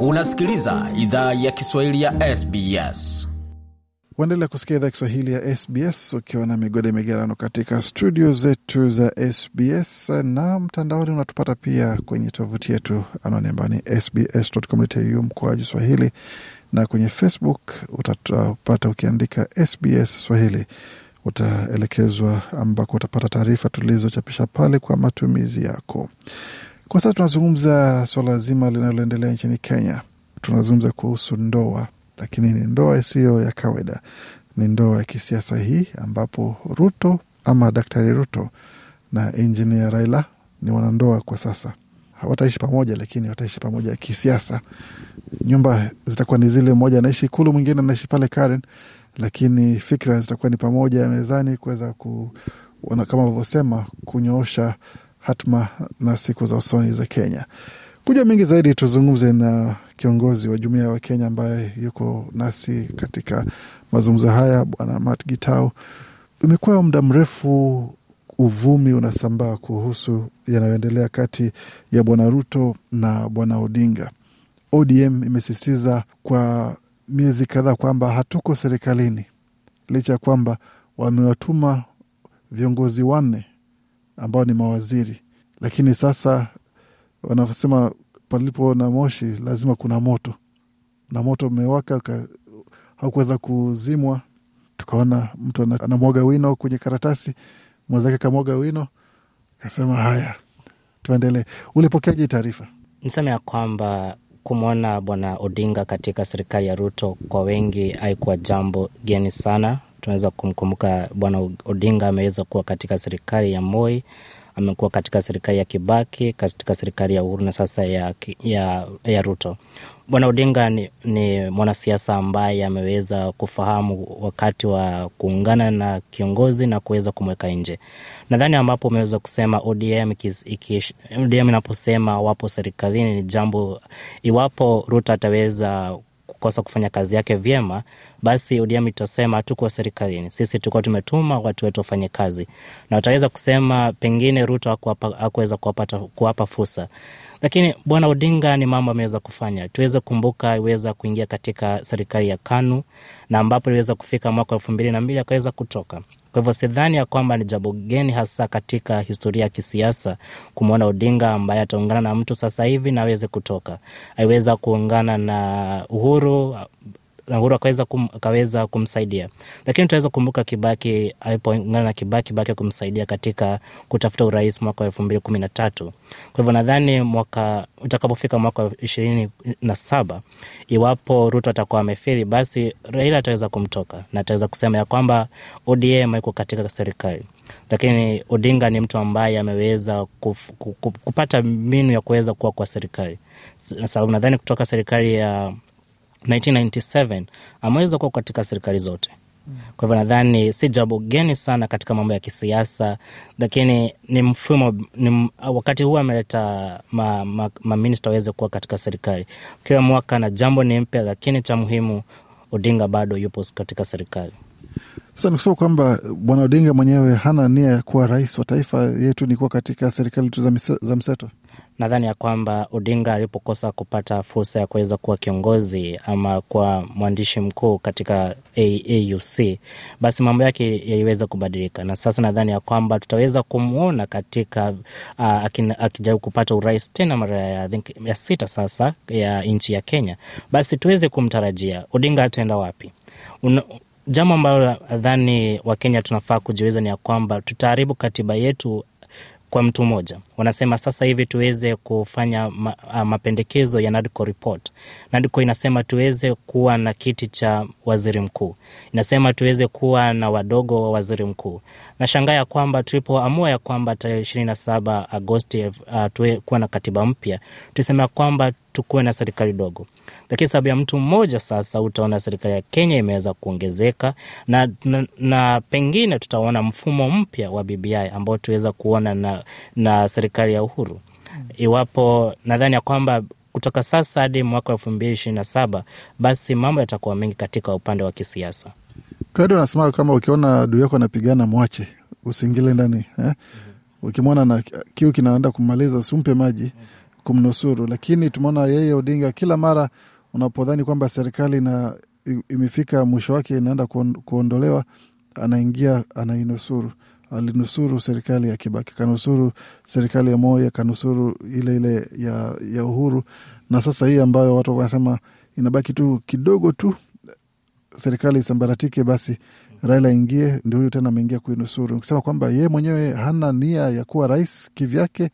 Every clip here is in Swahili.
Unasikiliza idhaa ya Kiswahili ya SBS. Waendelea kusikia idhaa Kiswahili ya SBS ukiwa na migode migerano katika studio zetu za SBS na mtandaoni. Unatupata pia kwenye tovuti yetu anaoni ambayo ni sbscu mkoaji Swahili, na kwenye Facebook utapata ukiandika SBS Swahili utaelekezwa ambako utapata taarifa tulizochapisha pale kwa matumizi yako. Kwa sasa tunazungumza swala so zima linaloendelea nchini Kenya. Tunazungumza kuhusu ndoa, lakini ni ndoa isiyo ya kawaida, ni ndoa ya kisiasa hii, ambapo Ruto ama Daktari Ruto na Injinia Raila ni wanandoa kwa sasa. Hawataishi pamoja, lakini wataishi pamoja kisiasa. Nyumba zitakuwa ni zile, mmoja anaishi Kulu, mwingine anaishi pale Karen, lakini fikra zitakuwa ni pamoja mezani kuweza ku, kama wanavyosema kunyoosha hatma na siku za usoni za Kenya. Kuja mengi zaidi, tuzungumze na kiongozi wa jumuiya wa Kenya ambaye yuko nasi katika mazungumzo haya, Bwana Matt Gitau. Imekuwa muda mrefu uvumi unasambaa kuhusu yanayoendelea kati ya Bwana Ruto na Bwana Odinga. ODM imesisitiza kwa miezi kadhaa kwamba hatuko serikalini, licha ya kwamba wamewatuma viongozi wanne ambao ni mawaziri, lakini sasa wanasema palipo na moshi lazima kuna moto, na moto umewaka haukuweza kuzimwa. Tukaona mtu anamwaga wino kwenye karatasi, mwenzake kamwaga wino, kasema haya, tuendelee. Ulipokeaje taarifa? Niseme ya kwamba kumwona Bwana Odinga katika serikali ya Ruto kwa wengi haikuwa jambo geni sana, tunaweza kumkumbuka Bwana Odinga ameweza kuwa katika serikali ya Moi, amekuwa katika serikali ya Kibaki, katika serikali ya Uhuru na sasa ya, ya, ya Ruto. Bwana Odinga ni, ni mwanasiasa ambaye ameweza kufahamu wakati wa kuungana na kiongozi na kuweza kumweka nje. Nadhani ambapo umeweza kusema ODM, ODM inaposema wapo serikalini ni jambo, iwapo Ruto ataweza kukosa kufanya kazi yake vyema basi ODM itasema hatuko serikalini, sisi tulikuwa tumetuma watu wetu wafanye kazi, na wataweza kusema pengine Ruto hakuweza kuwapa fursa lakini bwana Odinga ni mambo ameweza kufanya. Tuweze kumbuka aliweza kuingia katika serikali ya KANU na ambapo iliweza kufika mwaka elfu mbili na mbili akaweza kutoka. Kwa hivyo sidhani ya kwamba ni jambo geni hasa katika historia ya kisiasa kumwona Odinga ambaye ataungana na mtu sasa hivi na aweze kutoka. Aliweza kuungana na Uhuru Uhuru akaweza kum, akaweza kumsaidia, lakini tunaweza kukumbuka Kibaki alipoungana na Kibaki, baki kumsaidia katika kutafuta urais mwaka wa elfu mbili kumi na tatu. Kwa hivyo nadhani mwaka utakapofika mwaka wa ishirini na saba, iwapo Ruto atakuwa amefeli, basi Raila ataweza kumtoka na ataweza kusema ya kwamba ODM iko katika serikali lakini Odinga ni mtu ambaye ameweza kupata mbinu ya kuweza kuwa kwa serikali, sababu nadhani kutoka serikali ya 1997 ameweza kuwa katika serikali zote. Kwa hivyo nadhani si jambo geni sana katika mambo ya kisiasa, lakini ni mfumo ni, wakati huu ameleta maminista ma, ma waweze kuwa katika serikali kila mwaka, na jambo ni mpya, lakini cha muhimu Odinga bado yupo katika serikali. Sasa nikusema kwamba bwana Odinga mwenyewe hana nia ya kuwa rais wa taifa yetu, ni kuwa katika serikali tu za mseto nadhani ya kwamba Odinga alipokosa kupata fursa ya kuweza kuwa kiongozi ama kuwa mwandishi mkuu katika AUC, basi mambo yake yaliweza kubadilika, na sasa nadhani ya kwamba tutaweza kumwona katika uh, akijaribu kupata urais tena mara ya, ya sita sasa ya nchi ya Kenya, basi tuweze kumtarajia Odinga ataenda wapi Una, jambo ambalo nadhani Wakenya tunafaa kujiuliza ni ya kwamba tutaharibu katiba yetu kwa mtu mmoja. Wanasema sasa hivi tuweze kufanya ma, a, ah, mapendekezo ya NADCO report. NADCO inasema tuweze kuwa na kiti cha waziri mkuu, inasema tuweze kuwa na wadogo wa waziri mkuu. Nashangaa ya kwamba tulipoamua ya kwamba tarehe ishirini na saba Agosti uh, tuwe kuwa na katiba mpya tulisema kwamba tukuwe na serikali dogo. Lakini sababu ya mtu mmoja, sasa utaona serikali ya Kenya imeweza kuongezeka na, na, na pengine tutaona mfumo mpya wa BBI ambao tuweza kuona na, na serikali ya Uhuru iwapo nadhani ya kwamba kutoka sasa hadi mwaka elfu mbili ishirini na saba basi mambo yatakuwa mengi katika upande wa kisiasa. Kadi anasema kama ukiona adui yako anapigana mwache, usiingile ndani eh? mm -hmm. Ukimwona na kiu kinaenda kumaliza, sumpe maji mm -hmm kumnusuru, lakini tumeona yeye Odinga kila mara unapodhani kwamba serikali na imefika mwisho wake inaenda kuondolewa, anaingia anainusuru. Alinusuru serikali ya Kibaki, kanusuru serikali ya Moi, akanusuru ile ile ya, ya Uhuru, na sasa hii ambayo watu wanasema inabaki tu kidogo tu serikali isambaratike, basi Raila ingie, ndio huyu tena ameingia kuinusuru, kusema kwamba yeye mwenyewe hana nia ya kuwa rais kivyake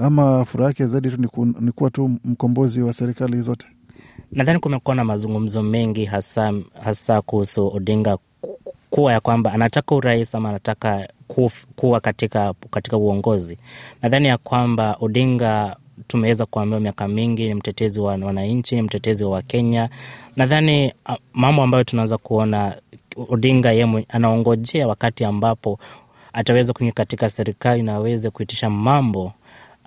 ama furaha yake zaidi tu ni, kuwa tu mkombozi wa serikali zote? Nadhani kumekuwa na mazungumzo mengi hasa, hasa kuhusu Odinga kuwa ya kwamba anataka urais ama anataka kuwa katika, katika uongozi. Nadhani ya kwamba Odinga tumeweza kuambiwa miaka mingi ni mtetezi wa wananchi, ni mtetezi wa Wakenya. Nadhani mambo ambayo tunaweza kuona Odinga ye anaongojea wakati ambapo ataweza kuingia katika serikali na aweze kuitisha mambo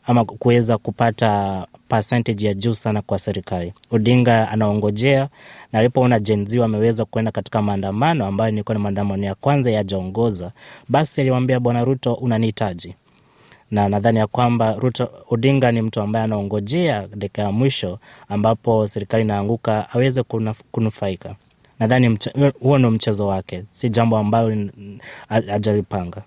ama kuweza kupata percentage ya juu sana kwa serikali. Odinga anaongojea na alipoona Gen Z wameweza kuenda katika maandamano ambayo nilikuwa ni maandamano ya kwanza yajaongoza, basi aliwambia Bwana Ruto, unanihitaji na nadhani ya kwamba Ruto Odinga ni mtu ambaye anaongojea dakika ya mwisho ambapo serikali inaanguka aweze kunufaika. Nadhani huo ni mchezo wake, si jambo ambalo ajalipanga.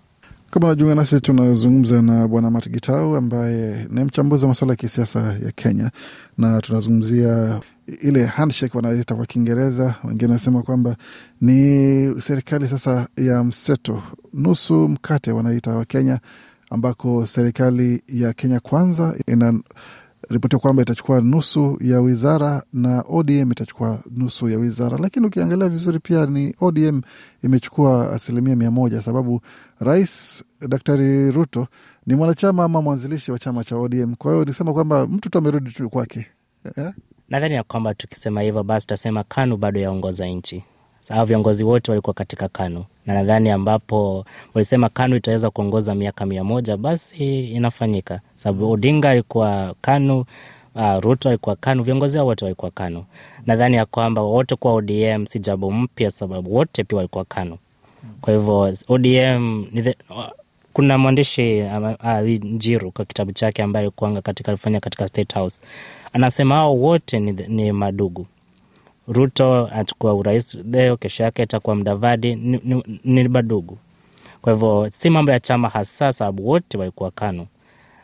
Kama unajiunga nasi, tunazungumza na Bwana gitau ambaye ni mchambuzi wa masuala ya kisiasa ya Kenya, na tunazungumzia ile handshake wanaita kwa Kiingereza, wengine wanasema kwamba ni serikali sasa ya mseto, nusu mkate wanaita kenya ambako serikali ya Kenya kwanza ina ripotiwa kwamba itachukua nusu ya wizara na ODM itachukua nusu ya wizara, lakini ukiangalia vizuri pia ni ODM imechukua asilimia mia moja sababu Rais Daktari Ruto ni mwanachama ama mwanzilishi wa chama cha ODM. Kwa hiyo nisema kwamba mtu tu amerudi tu kwake, yeah? Nadhani ya kwamba tukisema hivyo basi tutasema KANU bado yaongoza nchi. Sawa, viongozi wote walikuwa katika KANU na nadhani ambapo walisema KANU itaweza kuongoza miaka mia moja basi inafanyika, sababu Odinga alikuwa KANU, uh, Ruto alikuwa KANU, viongozi hao wote walikuwa KANU. Nadhani ya kwamba wote kuwa ODM si jambo mpya, sababu wote pia walikuwa KANU. Kwa hivyo ODM ni the, kuna mwandishi uh, uh, Njiru kwa kitabu chake ambaye alikuanga katika alifanya katika State House anasema hao wote ni, ni madugu Ruto achukua urais leo, kesho yake itakuwa Mdavadi, ni, ni, ni Badugu. Kwa hivyo si mambo ya chama hasa, sababu wote walikuwa KANU.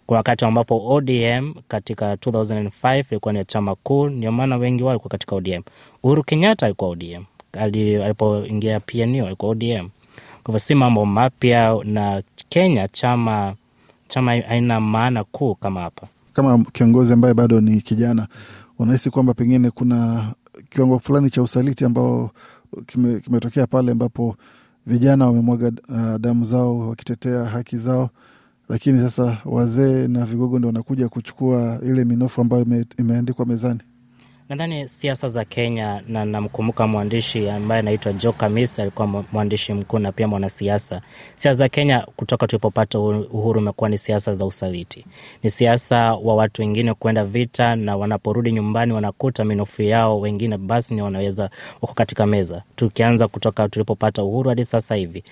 kwa wakati ambapo ODM katika 2005 ilikuwa ni chama kuu, ndio maana wengi wao walikuwa katika ODM. Uhuru Kenyatta alikuwa ODM, alipoingia PNU alikuwa ODM. Kwa hivyo si mambo mapya, na Kenya chama chama haina maana kuu kama hapa. Kama kiongozi ambaye bado ni kijana, unahisi kwamba pengine kuna kiwango fulani cha usaliti ambao kimetokea kime pale ambapo vijana wamemwaga uh, damu zao wakitetea haki zao, lakini sasa wazee na vigogo ndo wanakuja kuchukua ile minofu ambayo ime, imeandikwa mezani. Nadhani siasa za Kenya, na namkumbuka mwandishi ambaye anaitwa Jo Kamis, alikuwa mwandishi mkuu na pia mwanasiasa. Siasa za Kenya kutoka tulipopata uhuru imekuwa ni siasa za usaliti, ni siasa wa watu wengine kwenda vita, na wanaporudi nyumbani wanakuta minofu yao wengine basi ni wanaweza wako katika meza, tukianza kutoka tulipopata uhuru hadi sasa hivi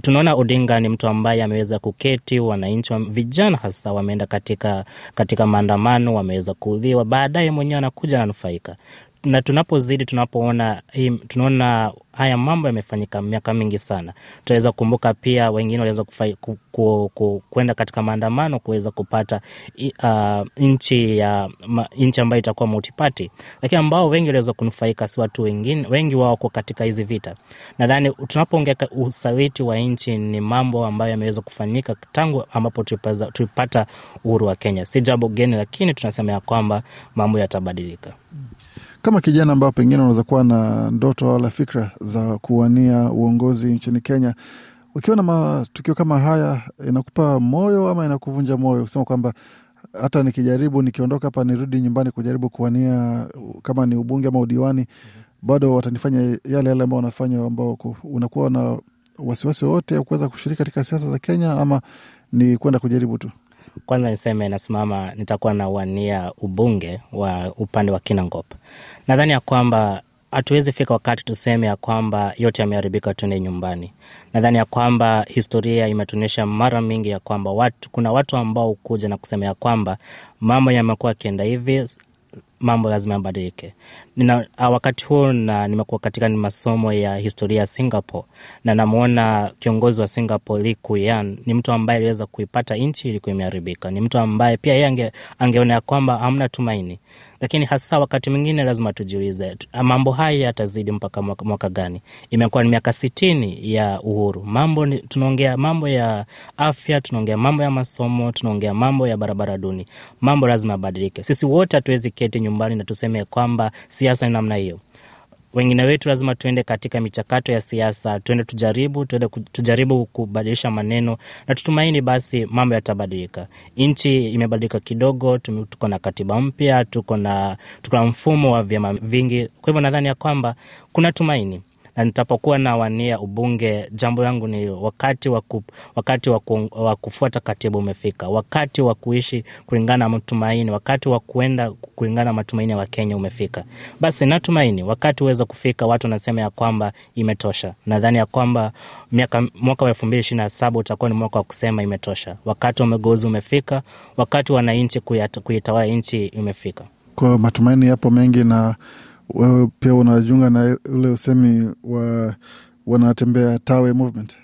tunaona Odinga ni mtu ambaye ameweza kuketi, wananchi vijana hasa wameenda katika, katika maandamano, wameweza kuudhiwa, baadaye mwenyewe anakuja ananufaika na tunapozidi tunapoona tunaona haya mambo yamefanyika miaka mingi sana. tunaweza kukumbuka pia wengine waliweza kwenda katika maandamano kuweza kupata uh, nchi ya nchi ambayo itakuwa multiparty, lakini ambao wengi waliweza kunufaika si watu wengine, wengi wao wako katika hizi vita. Nadhani tunapoongea usaliti wa nchi ni mambo ambayo yameweza kufanyika tangu ambapo tulipata uhuru wa Kenya. Si jambo geni, lakini tunasema ya kwamba mambo yatabadilika. Kama kijana ambao pengine unaweza kuwa na ndoto wala fikra za kuwania uongozi nchini Kenya, ukiwa na matukio kama haya, inakupa moyo ama inakuvunja moyo kusema kwamba hata nikijaribu nikiondoka hapa nirudi nyumbani kujaribu kuwania kama ni ubunge ama udiwani, bado watanifanya yale yale ambao wanafanya, ambao unakuwa na wasiwasi wowote kuweza kushiriki katika siasa za Kenya ama ni kwenda kujaribu tu? kwanza niseme nasimama, nitakuwa nawania ubunge wa upande wa Kinangop. Nadhani ya kwamba hatuwezi fika wakati tuseme ya kwamba yote yameharibika, tuende nyumbani. Nadhani ya kwamba historia imetuonyesha mara mingi ya kwamba watu, kuna watu ambao hukuja na kusema ya kwamba mambo yamekuwa akienda hivi, mambo lazima yabadilike. Ah, wakati huu na nimekuwa katika ni masomo ya historia ya Singapore, na namwona kiongozi wa Singapore Lee Kuan ni mtu ambaye aliweza kuipata nchi ilikuwa imeharibika, ni mtu ambaye pia yeye angeona ya kwamba hamna tumaini lakini hasa wakati mwingine lazima tujiulize ah, mambo haya yatazidi mpaka mwaka, mwaka gani? Imekuwa ni miaka sitini ya uhuru. Mambo tunaongea mambo ya afya, tunaongea mambo ya masomo, tunaongea mambo ya barabara duni. Mambo lazima yabadilike. Sisi wote hatuwezi keti nyumbani na tuseme kwamba siasa ni namna hiyo wengine wetu lazima tuende katika michakato ya siasa, tuende tujaribu, tuende tujaribu kubadilisha maneno na tutumaini basi mambo yatabadilika. Nchi imebadilika kidogo, tuko na katiba mpya, tuko na tuko na mfumo wa vyama vingi. Kwa hivyo nadhani ya kwamba kuna tumaini na nitapokuwa nawania ubunge, jambo langu ni wakati wa wakati wa kufuata katiba umefika, wakati wa kuishi kulingana na matumaini, wakati wa kuenda kulingana na matumaini ya Wakenya umefika. Basi natumaini wakati uweza kufika, watu wanasema ya kwamba imetosha. Nadhani ya kwamba miaka mwaka wa elfu mbili ishirini na saba utakuwa ni mwaka wa kusema imetosha, wakati wa mageuzi umefika, wakati wananchi kuitawala nchi imefika. Kwa matumaini yapo mengi na wewe pia unajiunga na ule usemi wa wanatembea tawe movement?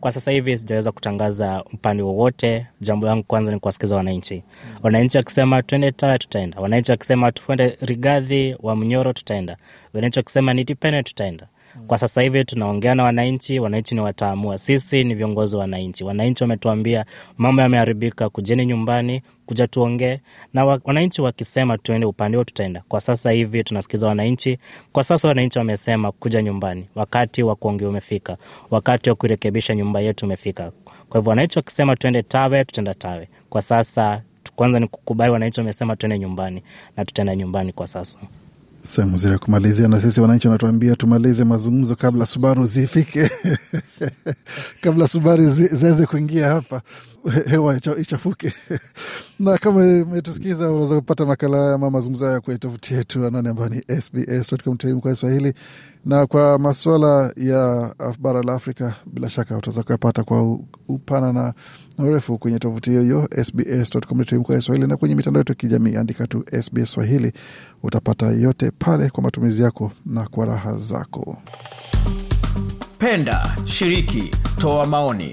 Kwa sasa hivi sijaweza kutangaza upande wowote. Jambo yangu kwanza ni kuwasikiza wananchi. Wananchi wakisema tuende Tawe, tutaenda. Wananchi wakisema tuende Rigadhi wa Mnyoro, tutaenda. Wananchi wakisema ni tutaenda. Mm. Kwa sasa hivi tunaongea na wananchi, wananchi ni wataamua. Sisi ni viongozi wa wananchi. Wananchi wametuambia mambo yameharibika, kujeni nyumbani, kuja tuongee na wananchi. Wakisema tuende upande huo, tutaenda. Kwa sasa hivi tunasikiza wananchi. Kwa sasa wananchi wamesema kuja nyumbani, wakati wa kuongea umefika, wakati wa kurekebisha nyumba yetu umefika. Kwa hivyo wananchi wakisema tuende Tawe, tutaenda Tawe. Kwa sasa kwanza ni kukubali, wananchi wamesema tuende nyumbani na tutaenda nyumbani kwa sasa. Sehemu zile kumalizia, na sisi wananchi wanatuambia tumalize mazungumzo kabla Subaru zifike kabla Subaru ziweze kuingia hapa. hewa ichafuke na kama imetusikiza, unaweza kupata makala haya ama mazungumzo haya kwenye tovuti yetu anani ambayo ni sbs.com.au kwa Kiswahili, na kwa maswala ya bara la Afrika bila shaka utaweza kuyapata kwa upana na urefu kwenye tovuti hiyo hiyo sbs.com.au Kiswahili, na kwenye mitandao yetu ya kijamii andika tu SBS Swahili, utapata yote pale kwa matumizi yako na kwa raha zako. Penda, shiriki, toa maoni